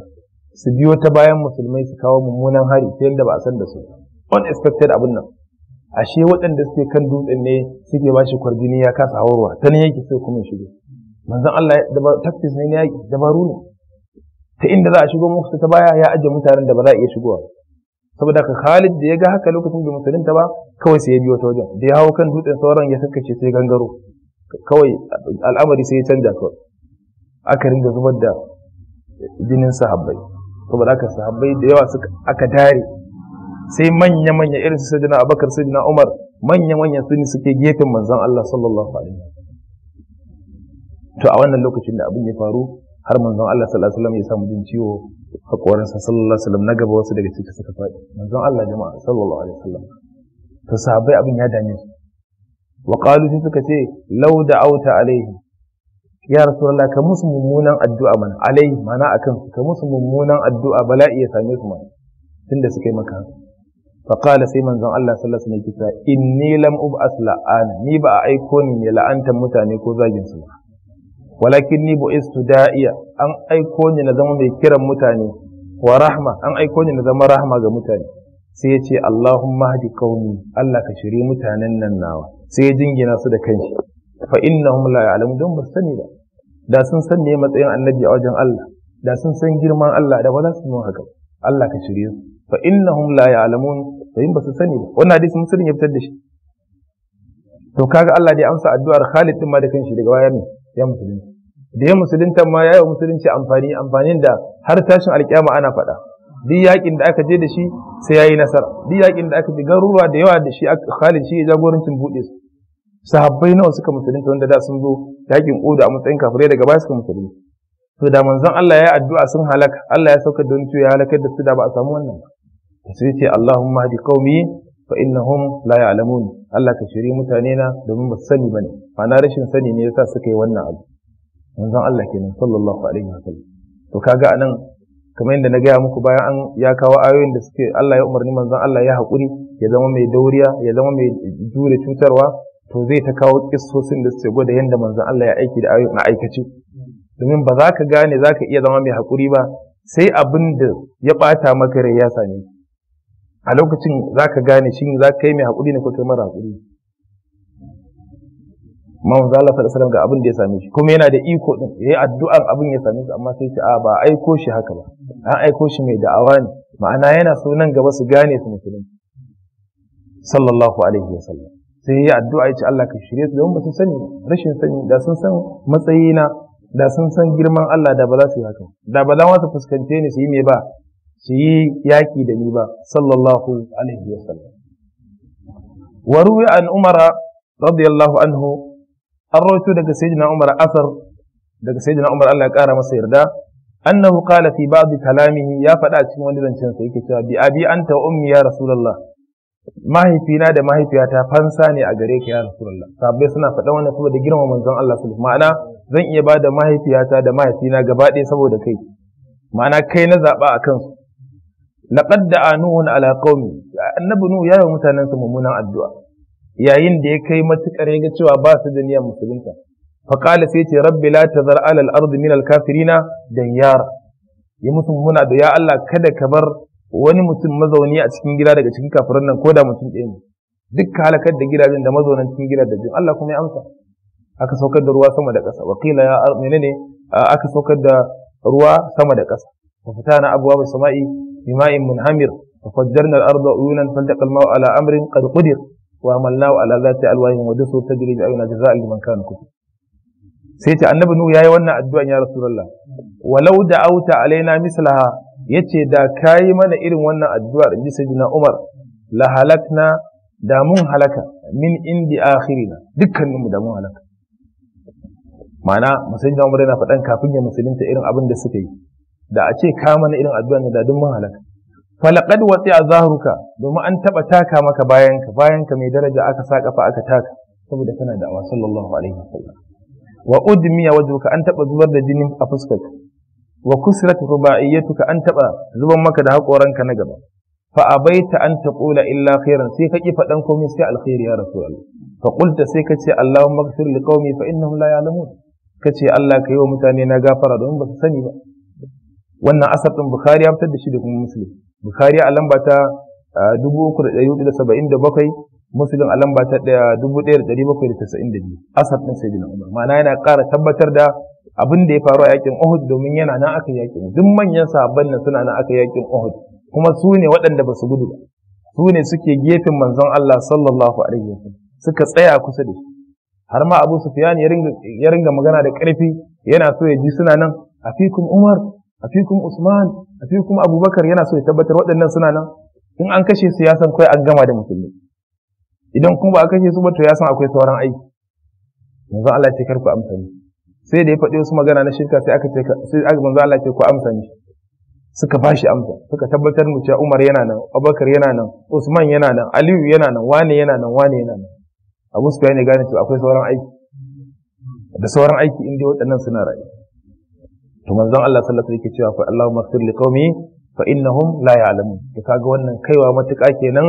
su biyo ta bayan musulmai su kawo mummunan hari ta yadda ba a san da su unexpected abin nan ashe waɗanda suke kan dutsen ne suke ba shi kwarjini ya kasa hawarwa ta ne yake sai kuma shigo manzon Allah tafsir ne na da dabaru ne ta inda za a shigo musu ta baya ya ajiye mutanen da ba za a iya shigowa saboda ka Khalid da ya ga haka lokacin da musulunta ba kawai sai ya biyo ta wajen da ya hawo kan dutsen sauran ya kaskace sai gangaro kawai al'amari sai ya canja kawai aka ringa zubar da jinin sahabbai saboda aka sahabbai da yawa suka aka dare sai manya-manya irin su sajina abakar sajina umar manya-manya su ne suke gefen manzan Allah sallallahu alaihi to a wannan lokacin da abin ya faru har manzan Allah sallallahu alaihi wasallam ya samu jin ciwo hakorinsa sallallahu alaihi wasallam na gaba wasu daga ciki suka faɗi Manzan Allah jama'a sallallahu alaihi wasallam to sahabbai abin ya dame su wa qalu sai suka ce law da'auta alaihi ya rasulullah ka musu mummunan addu'a mana alaihi mana akan ka musu mummunan addu'a bala'i ya same su ma. tunda suka yi maka faƙala sai manzon Allah sallallahu alaihi wasallam kisa inni lam ub'as la'ana ni ba a aiko ni ne la'antar mutane ko zagin su walakin ni bu'istu da'iya an aiko ni na zama mai kiran mutane wa rahma an aiko ni na zama rahma ga mutane sai ya ce Allahumma hadi kauni Allah ka shiri mutanen nan nawa sai ya jingina su da kanshi fa innahum la ya'lamu don musani ba da sun san me matsayin annabi a wajen Allah da sun san girman Allah da ba za su yi haka Allah ka shirye su fa innahum la ya'lamun to in ba su sani ba wannan hadisi Musulmi ya fitar da shi to kaga Allah dai amsa addu'ar Khalid din ma da kanshi daga waya ne ya musulunci da ya musulunta ma ya yi musulunci amfani amfanin da har tashin alkiyama ana faɗa duk yakin da aka je da shi sai yayi nasara duk yakin da aka je garuruwa da yawa da shi Khalid shi ya jagorancin buɗe su sahabbai nawa suka musulunta wanda da sun zo yakin Uhud a matsayin kafirai daga baya suka musulunta to da manzon Allah ya addu'a sun halaka Allah ya saukar da wani ya halakar da su da ba a samu wannan ba sai ce Allahumma hadi qaumi fa innahum la ya'lamun Allah ka shiri mutane na domin ba su sani bane na rashin sani ne yasa suka yi wannan abu manzon Allah kenan sallallahu alaihi wasallam to kaga anan kamar yadda na gaya muku bayan an ya kawo ayoyin da suke Allah ya umarni manzon Allah ya hakuri ya zama mai dauriya ya zama mai jure cutarwa to zai ta kawo kissosin da suke gwada yadda manzon Allah ya aiki da ayoyin a aikace domin ba za ka gane za ka iya zama mai hakuri ba sai abin da ya ɓata maka rai ya same a lokacin za ka gane shin za ka yi mai hakuri ne ko kai mara haƙuri manzo Allah sallallahu ga abin da ya same shi kuma yana da iko din yayi addu'ar abin ya same shi amma sai ce a ba aiko shi haka ba an aiko shi mai da'awa ne ma'ana yana so nan gaba su gane su musulunci sallallahu alaihi wa sallam sai yayi addu'a yace Allah ka shirye su don ba su sani rashin sani da sun san matsayina da sun san girman Allah da ba za su yi haka da ba za su fuskance ni su yi me ba su yi yaki da ni ba sallallahu alaihi wa sallam وروي عن an رضي الله an rawaito daga sayyidina Umar asar daga sayyidina Umar Allah ya kara masa yarda annahu qala fi ba'd kalamihi ya faɗa cikin wani zancen sa yake cewa bi abi anta ummi ya rasulullah mahaifina da mahaifiyata fansa ne a gare ka ya rasulullah sabai suna faɗa wannan saboda girman manzon Allah sallallahu ma'ana zan iya bada mahaifiyata da mahaifina gaba ɗaya saboda kai ma'ana kai na zaɓa a kansu laqad da'anuhun ala qaumi annabinu ya yi mutanen sa mummunan addu'a yayin da ya kai matukar ya ga cewa ba su da niyyar musulunta faqala sai ce rabbi la tazar ala al-ard min al-kafirina danyar ya musu muna da ya Allah kada ka bar wani mutum mazauni a cikin gida daga cikin kafirin nan ko da mutum ɗaya ne duk halakar da gidajen da mazaunan cikin gida da gidajen Allah kuma ya amsa aka saukar da ruwa sama da ƙasa wakila ya menene aka saukar da ruwa sama da ƙasa wa fatana abwaab as-sama'i bima'in munhamir wa fajjarna al-arda uyunan faltaqa al-ma'u ala amrin qad qadir وعملناه على ذات ألوان ودسر تجري بأعيننا جزاء لمن كان كفر sai ce annabi nuhu yayi wannan addu'an ya rasulullah walau da auta alaina mislaha yace da kayi mana irin wannan addu'ar inji sayyidina umar la na da mun halaka min indi akhirina dukkanin mu da mun halaka ma'ana musayyidina umar yana faɗan kafin ya musulunta irin abin da suka yi da a ce ka mana irin na da duk mun halaka watsi a zahruka domin an taba taka maka bayanka bayanka mai daraja aka saka fa aka taka saboda kana da awa sallallahu alaihi wasallam wa udmiya wajhuka an taba zubar da jinin a fuskarka wa kusrat ruba'iyyatuka an taba zuban maka da hakoranka na gaba fa abaita an taqula illa khairan sai ka ki fadan komai sai alkhairi ya rasulullah fa qulta sai ka ce allahumma ighfir liqaumi fa innahum la ya'lamun kace Allah ka yi wa mutane na gafara domin ba su sani ba wannan asar din bukhari ya fitar da shi da kuma muslim bukhari a lamba ta 3477 musulun a lamba ta 1792 asad ɗin sayyidina umar ma'ana yana ƙara tabbatar da abin da ya faru a yakin Uhud domin yana nan aka yakin duk manyan sahabban nan suna nan aka yakin Uhud kuma su ne waɗanda ba su gudu su ne suke gefen manzon Allah sallallahu alaihi suka tsaya kusa da shi har ma Abu Sufyan ya ringa magana da ƙarfi yana so ya ji suna nan afikum Umar afikum Usman afikum Abubakar yana so ya tabbatar waɗannan suna nan in an kashe su ya san kai an gama da musulmi idan kuma ba a kashe su ba to ya san akwai sauran aiki yanzu Allah ce kar ku amsa ni sai da ya faɗi wasu magana na shirka sai aka ce sai aka manzo Allah ce ku amsa ni suka bashi amsa suka tabbatar mu cewa Umar yana nan Abubakar yana nan Usman yana nan Aliyu yana nan wane yana nan wane yana nan Abu Sufyan ne gane to akwai sauran aiki da sauran aiki inda waɗannan suna rayuwa to manzon Allah sallallahu alaihi wasallam yake cewa Allahumma ighfir liqaumi fa innahum la ya'lamun to kaga wannan kaiwa matuƙa kenan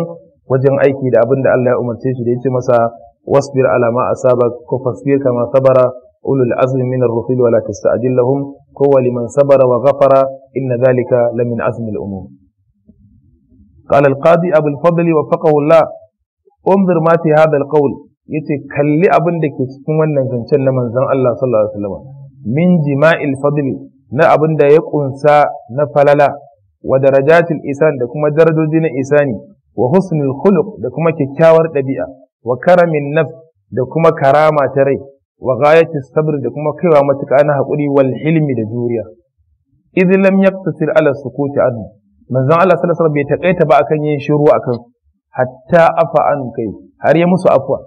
wajen aiki da abin da Allah ya umarce shi da yace masa wasbir ala ma asabak ko fasbir kama sabara ulul azmi min ar-rusul wa la tasta'jil lahum ko liman sabara wa ghafara inna dhalika lamin azmi al-umur قال القاضي أبو الفضل وفقه الله انظر ما في هذا القول yace kalli abin da ke cikin wannan zancen na manzon Allah min jima'il fadli na abin da ya ƙunsa na falala wa darajatil isan da kuma darajoji na isani wa husnul khuluq da kuma kyakkyawar ɗabi'a wa karamin naf da kuma karama ta rai wa ghayatis sabr da kuma kaiwa matuƙa na haƙuri wal hilmi da juriya idh lam yaqtasir ala sukuti anhu manzon Allah sallallahu alaihi wasallam bai taƙaita ba akan yin shiru akan hatta afa an kai har ya musu afwa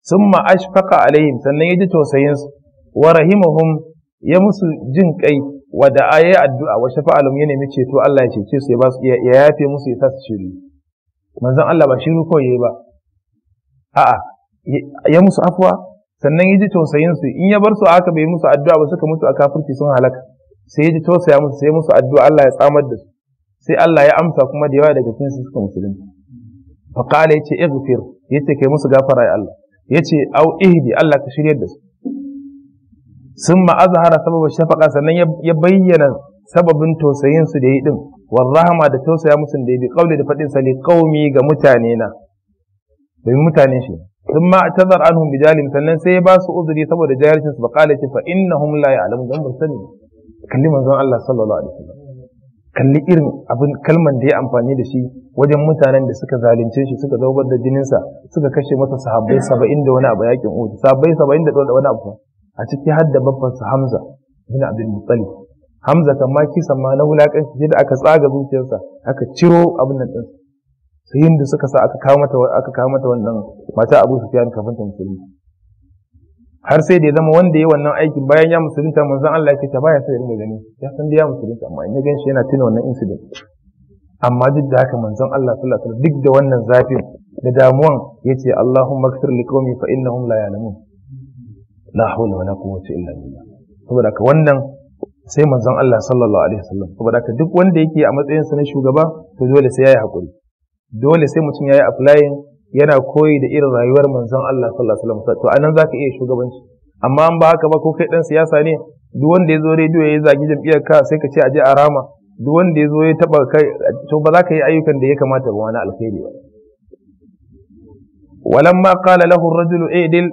summa ashfaqa alaihim sannan ya ji tausayin su wa rahimahum ya musu jin kai wa da ayi addu'a wa shafa'alum yana mace ceto Allah ya cece su ya ba su ya yafe musu ya sa su shiru manzon Allah ba shiru ko yayi ba a'a ya musu afwa sannan ya ji tausayin su in ya bar su aka bai musu addu'a ba suka mutu a kafirci sun halaka sai ya ji tausaya musu sai musu addu'a Allah ya tsamar da su sai Allah ya amsa kuma da yawa daga cikin su suka musulunci fa qala yace ighfir yace kai musu gafara ya Allah yace au ihdi Allah ka shiryar da su sun azahara sababin shafaka sannan ya bayyana sababin tausayin su da yi din rahama da tausaya musu da yi bi kauli da fadin sa qaumi ga mutane na domin mutane shi sun ma tazar anhum bijalim sannan sai ya ba su uzuri saboda jahilcin su baqala ce fa innahum la ya'lamun dan ba sani kalli manzon Allah sallallahu alaihi wasallam kalli irin abin kalman da ya amfani da shi wajen mutanen da suka zalunce shi suka zaubar da jininsa suka kashe masa sahabbai saba'in da wani abu yakin uhud sahabbai saba'in da wani abu a ciki har da babbansa Hamza bin Abdul Muttalib Hamza kan ma kisan ma na wulakanci da aka tsaga zuciyarsa aka ciro abin nan din sai yinda suka sa aka kawo mata aka kawo mata wannan mata Abu Sufyan kafin ta musulmi har sai da ya zama wanda ya wannan aikin bayan ya musulunta manzon Allah ya ta baya sai ya gani ya san da ya musulunta amma in ya ganshi yana tuna wannan incident amma duk da haka manzon Allah sallallahu alaihi wasallam duk da wannan zafin da damuwan yace Allahumma ighfir liqaumi fa innahum la ya'lamun la hawla wala quwwata illa billah saboda ka wannan sai manzon Allah sallallahu alaihi wasallam saboda ka duk wanda yake a matsayin sa na shugaba to dole sai yayi hakuri dole sai mutum yayi applying yana koyi da irin rayuwar manzon Allah sallallahu alaihi wasallam to anan zaka iya shugabanci amma an ba haka ba ko kai dan siyasa ne duk wanda ya zo rediyo ya zagi jam'iyyar ka sai ka ce aje a rama duk wanda ya zo ya taba kai to ba za ka yi ayyukan da ya kamata ba wani alkhairi ba walamma qala lahu ar-rajulu idil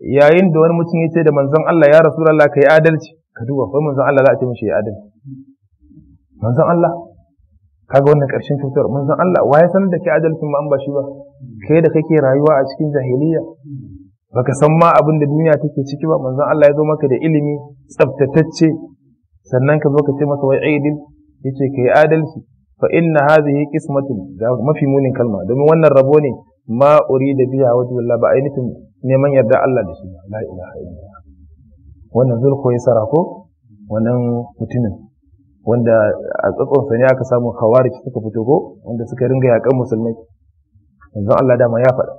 yayin da wani mutum ya ce da manzon Allah ya rasu ka yi adalci ka duba kai manzon Allah za a ce mishi ya adalci manzon Allah kaga wannan karshen cutar manzon Allah wa ya sanar da ke adalcin ma'an ba shi ba kai da kake rayuwa a cikin jahiliya baka san ma abin da duniya take ciki ba manzon Allah ya zo maka da ilimi tsaftatacce sannan ka zo ka ce masa wai aidil yace yi adalci fa inna yi qismatun da mafi munin kalma domin wannan rabo ne ma da biya wajen wallah ba a yi nufin neman yarda Allah da shi ba la ilaha illallah wannan zulko ya sara ko wannan mutumin wanda a tsatsonsa sani aka samu khawarij suka fito ko wanda suka ringa yakan musulmai zan Allah dama ya faɗa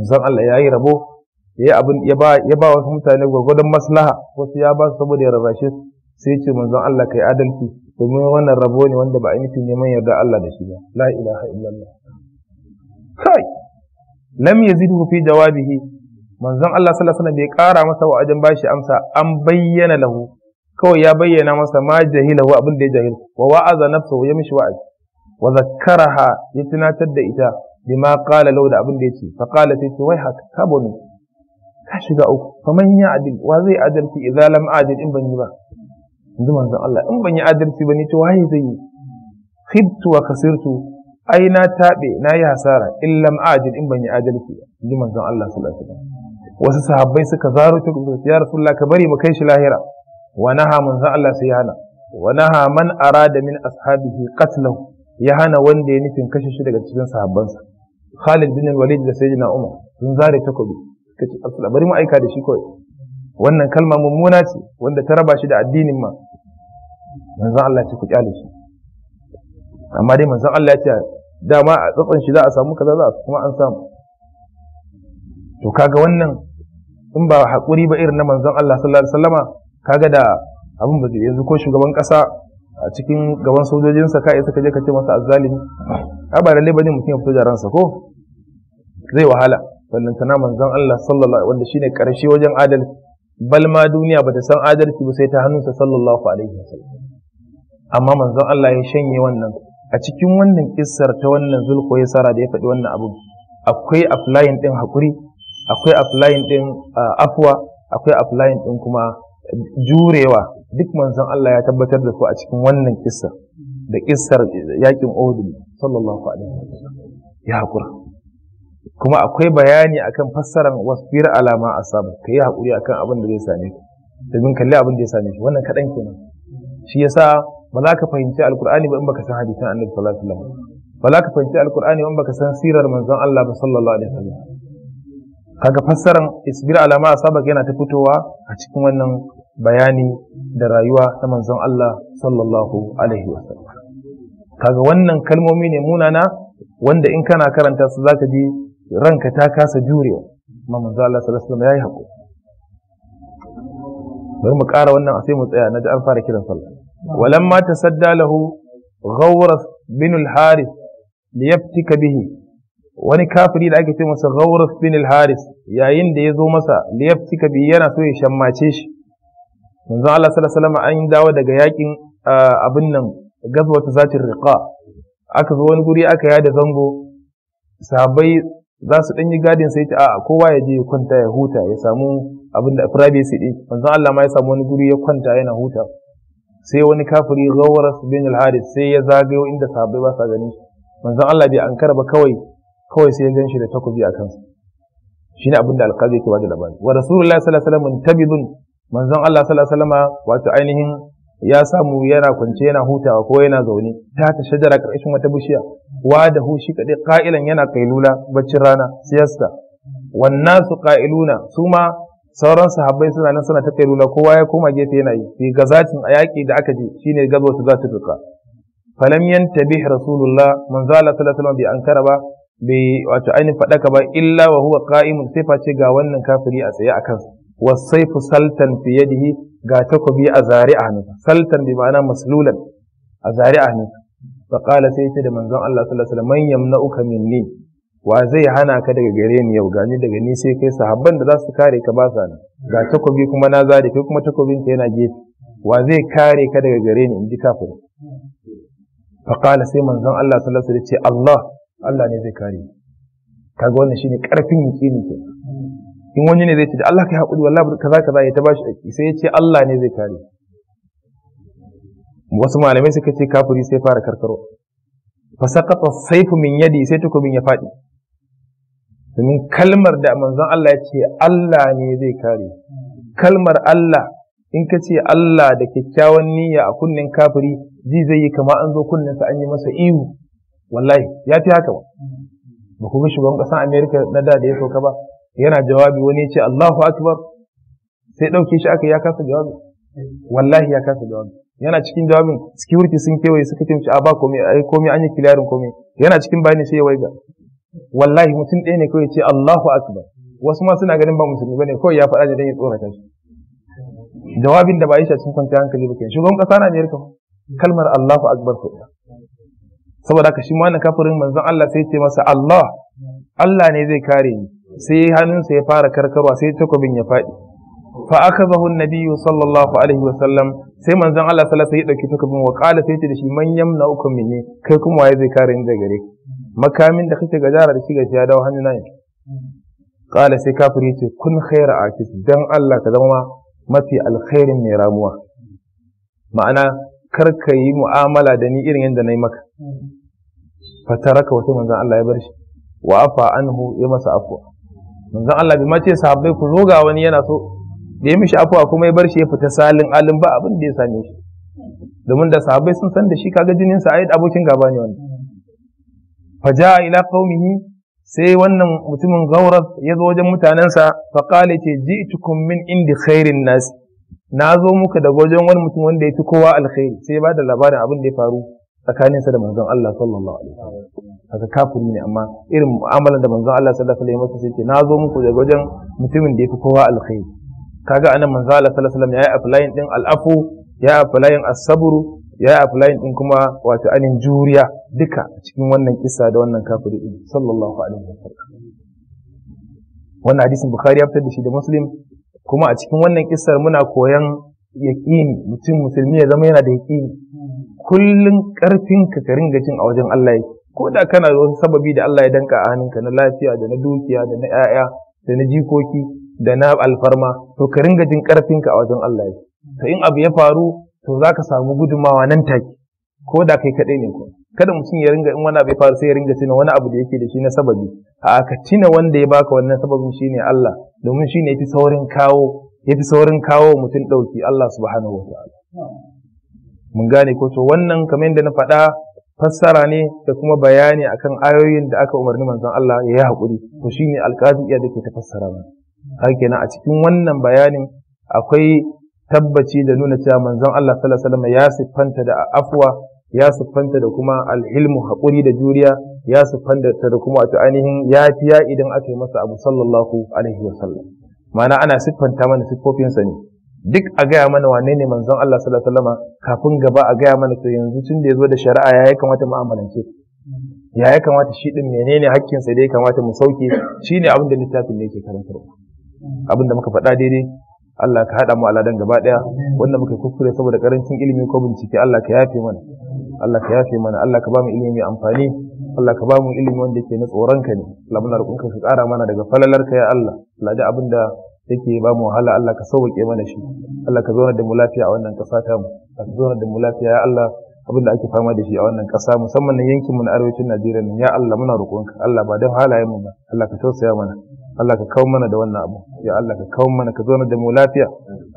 zan Allah ya yi rabo ya abin ya ba ya ba wasu mutane gwargwadon maslaha wasu ya ba su saboda ya rarrashe su sai ce manzon Allah kai adalci domin wannan rabo ne wanda ba a yi nufin neman yarda Allah da shi ba la ilaha illallah kai lam yazidhu fi jawabihi manzon Allah sallallahu alaihi wasallam bai kara masa wa ajin bashi amsa an bayyana lahu kawai ya bayyana masa ma jahilahu abin da ya jahil wa wa'aza nafsuhu ya mishi wa'azi wa zakkaraha ya tunatar da ita bima qala lahu da abin da yace fa qala sai wai haka kabuni ka shiga uku Fa man ya adil wa zai adalci idza lam adil in ban yi ba yanzu manzon Allah in ban yi adalci ba ni to waye zai yi khibtu wa kasirtu ai na taɓe na yi hasara illam ajil in ban yi adalci ji manzon Allah sallallahu alaihi wasallam wasu sahabbai suka zaro ta rubuta ya rasulullah ka bari mu kai shi lahira wa naha manzon Allah sai hana wa naha man arada min ashabihi qatlahu ya hana wanda ya nufin kashe shi daga cikin sahabbansa Khalid bin Walid da Sayyidina Umar sun zare takobi suka ce Abdullah bari mu aika da shi kawai wannan kalma mummuna ce wanda ta raba shi da addinin ma manzon Allah ci ku kyale shi amma dai manzon Allah ya ce dama a tsatsan shi za a samu kaza za a kuma an samu to kaga wannan in ba haƙuri ba irin na manzon Allah sallallahu alaihi wasallama kaga da abin ba yanzu ko shugaban ƙasa a cikin gaban sojojin sa kai suka je ka ce masa azzalimi a ba lalle bane mutum ya fito da ransa ko zai wahala tana manzon Allah sallallahu alaihi wanda shine karshe wajen adalci bal ma duniya bata san adalci ba sai ta hannunsa sallallahu alaihi wasallam amma manzon Allah ya shanye wannan a cikin wannan kissar ta wannan zulko ya sara da ya faɗi wannan abun akwai aflayin ɗin haƙuri akwai aflayin ɗin ah, afuwa akwai aflayin ɗin kuma jurewa duk manzon Allah ya tabbatar da su a cikin wannan kissar da kissar yakin Uhud sallallahu alaihi wasallam ya haƙura kuma akwai bayani akan fassarar wasfir alama asabu ka haƙuri akan abin da zai same ka domin kalli abin da ya same wannan kaɗan kenan shi yasa ba za ka fahimci alkur'ani ba in baka san hadisan annabi sallallahu alaihi wasallam ba za ka fahimci alkur'ani ba in baka san sirar manzon Allah ba sallallahu alaihi wasallam kaga fassaran isbir alama asabak yana ta fitowa a cikin wannan bayani da rayuwa ta manzon Allah sallallahu alaihi wasallam kaga wannan kalmomi ne munana wanda in kana karanta su zaka ji ranka ta kasa jurewa kuma manzo Allah sallallahu alaihi wasallam yayi hakuri bari mu ƙara wannan a sai mu tsaya na ji an fara kiran sallah ولما تسدى له غورث بن الحارث ليفتك به wani kafiri da ake ce masa Ghaurus bin haris yayin da ya zo masa liyaftika bi yana so ya shammace shi manzon Allah sallallahu alaihi wasallam an dawo daga yakin abin nan gazwatu zatir riqa aka zo wani guri aka yada zango sahabbai za su dan yi gadin sai ta a kowa ya je ya kwanta ya huta ya samu abin da privacy din manzon Allah ma ya samu wani guri ya kwanta yana huta sai wani kafiri su bin al-haris sai ya zagayo inda sahabbai ba sa ganin shi manzon Allah bai ankara ba kawai kawai sai ya gan shi da takobi a kansa shine abinda alqazi yake bada labari wa rasulullahi sallallahu alaihi wasallam muntabidun manzon Allah sallallahu alaihi wasallam wato ainihin ya samu yana kwance yana hutawa ko yana zaune ta ta shajara karkashin wata bishiya wa da hu shi kadai qailan yana kailula baccin rana siyasta wan nasu qailuna suma sauran sahabbai suna nan suna ta kai rula kowa ya koma gefe yana yi fi gazatin a yaƙi da aka ji shine za su duka falam yantabih rasulullah manzo Allah sallallahu alaihi wasallam bai ankara ba bai wato ainihin fadaka ba illa wa huwa qa'imun sai face ga wannan kafiri a tsaye akan wasaifu saltan fi yadihi ga takobi a zari a hannunsa saltan bi ma'ana maslulan a zari a hannunsa fa qala sai ce da manzon Allah sallallahu alaihi wasallam man yamna'uka minni wa zai hana ka daga gare ni yau gani daga ni sai kai sahabban da za su kare ka ba sa ni ga takobi kuma na zare kai kuma takobin ka yana gefe wa zai kare ka daga gare ni in ji kafin fa qala sai manzon Allah sallallahu alaihi wasallam ce Allah Allah ne zai kare kaga wannan shine karfin yakini ke in wani ne zai ce da Allah kai hakuri wallahi kaza kaza ya ta bashi sai ya ce Allah ne zai kare wasu malamai suka ce kafiri sai fara karkaro fa saqata sayfu min yadi sai takobin ya fadi domin kalmar da manzon Allah ya ce Allah ne zai kare kalmar Allah in ka ce Allah da kyakkyawan niyya a kunnen kafiri ji zai yi kama an zo kunninsa an yi masa ihu wallahi ya fi haka ba ba ku ga shugaban ƙasar Amerika na da da ya sauka ba yana jawabi wani ya ce Allahu akbar sai ɗauke shi aka ya kasa jawabi wallahi ya kasa jawabi yana cikin jawabin security sun kewaye suka ce a ba komai komai an yi kilarin komai yana cikin bayani sai ya waiga wallahi mutum ɗaya ne kawai ce Allahu akbar wasu ma suna ganin ba musulmi bane kawai ya faɗa da ya tsorata su jawabin da ba yi shi cikin kwanciyar hankali ba ke shugaban ƙasa na Amerika kalmar Allahu akbar ko saboda haka shi ma wannan kafirin manzon Allah sai ce masa Allah Allah ne zai kare ni sai hannunsa ya fara karkarwa sai takobin ya faɗi fa akabahu nabiyyu sallallahu alaihi wa sallam sai manzon Allah sallallahu alaihi ya dauki takobin wa qala sai ce da shi manyan yamna ukum minni kai kuma waye zai kare ni daga gare makamin da kake gajara da shi ga ya dawo hannu nayi kala sai kafir ya ce kun khaira akis dan Allah ka zama mafi alkhairin mai ramuwa ma'ana kar ka yi mu'amala da ni irin yadda na yi maka taraka wata manzon Allah ya bar shi wa afa anhu ya masa afwa manzon Allah bai mace sahabbai ku zo ga wani yana so da ya mishi afwa kuma ya bar shi ya fita salin alim ba abin da ya same shi domin da sahabbai sun san da shi kaga jinin sa ai abokin gaba ne wannan faja ila qaumihi sai wannan mutumin gaurab ya zo wajen mutanensa fa qala ce ji'tukum min indi khairin nas na zo muka da wajen wani mutum wanda ya fi kowa alkhair sai ba da labarin abin da ya faru tsakaninsa da manzon Allah sallallahu alaihi wasallam haka kafiri ne amma irin mu'amalan da manzon Allah sallallahu alaihi wasallam sai ce na zo muku da wajen mutumin da ya fi kowa alkhair kaga anan manzon Allah sallallahu alaihi wasallam ya yi applying din al'afu ya yi applying as sabr ya yi applying din kuma wato anin juriya duka cikin wannan kisa da wannan kafiri din sallallahu alaihi wasallam wannan hadisin bukhari ya fitar da shi da muslim kuma a cikin wannan kisar muna koyan yaqini mutum musulmi ya zama yana da yaqini kullun karfin ka ka ringa jin a wajen Allah yake ko da kana da wasu sababi da Allah ya danka a hannunka na lafiya da na dukiya da na ƴaƴa da na jikoki da na alfarma to ka ringa jin karfinka a wajen Allah yake to in abu ya faru to za ka samu gudumawa nan take ko da kai kaɗai ne ko kada mutum ya ringa in wani abu ya faru sai ya ringa tuna wani abu da yake da shi na sababi a ka tuna wanda ya baka wannan sababin shine Allah domin shine yafi saurin kawo yafi saurin kawo mutum dauki Allah subhanahu ta'ala mun gane ko to wannan kamar yadda na faɗa fassara ne da kuma bayani akan ayoyin da aka umarni manzon Allah ya yi hakuri to shine alqadi da ke ta fassara mana har kenan a cikin wannan bayanin akwai tabbaci da nuna cewa manzon Allah sallallahu alaihi wasallam ya siffanta da afwa ya siffanta da kuma alhilmu haƙuri da juriya ya siffanta da kuma wato ainihin yafiya idan aka yi masa abu sallallahu alaihi wasallam ma'ana ana siffanta mana siffofinsa ne duk a gaya mana wane ne manzon Allah sallallahu alaihi wasallam kafin gaba a gaya mana to yanzu tun da ya zo da shari'a ya kamata mu amalance ya ya kamata shi din menene hakkinsa da ya kamata mu sauke shine abin da littafin ne yake karantarwa abin da muka faɗa daidai Allah ka haɗa mu aladan gaba ɗaya wanda muka kuskure saboda karancin ilimi ko bincike Allah ka yafe mana Allah ka yafe mana Allah ka ba mu ilimi mai amfani Allah ka ba mu ilimi wanda yake na tsoronka ne Allah muna roƙon ka ƙara mana daga falalarka ya Allah Allah da abin da yake ba mu wahala Allah ka sauƙe mana shi Allah ka zauna da mu lafiya a wannan ƙasa ta mu ka zauna da mu lafiya ya Allah abin da ake fama da shi a wannan ƙasa musamman na yankin mu na arewacin Najeriya ya Allah muna roƙonka Allah ba don halayen mu ba Allah ka tausaya mana Allah ka kawo mana da wannan abu ya Allah ka kawo mana ka zauna da mu lafiya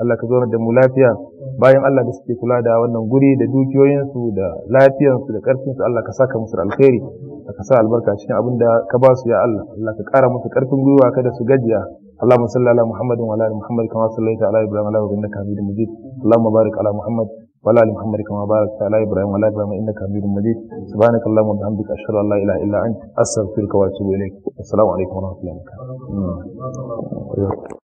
Allah ka zauna da mu lafiya bayan Allah da suke kula da wannan guri da dukiyoyinsu da lafiyansu da karfinsu Allah ka saka musu alkhairi ka sa albarka cikin abin da ka ba su ya Allah Allah ka kara musu karfin gwiwa kada su gajiya Allahumma صل على محمد وعلى ال محمد كما صليت على ابراهيم وعلى ال انك حميد مجيد اللهم بارك على محمد ولا ال محمد كما باركت على ابراهيم وعلى ابراهيم انك حميد مجيد سبحانك اللهم وبحمدك اشهد ان لا اله الا انت استغفرك واتوب اليك السلام عليكم ورحمه الله وبركاته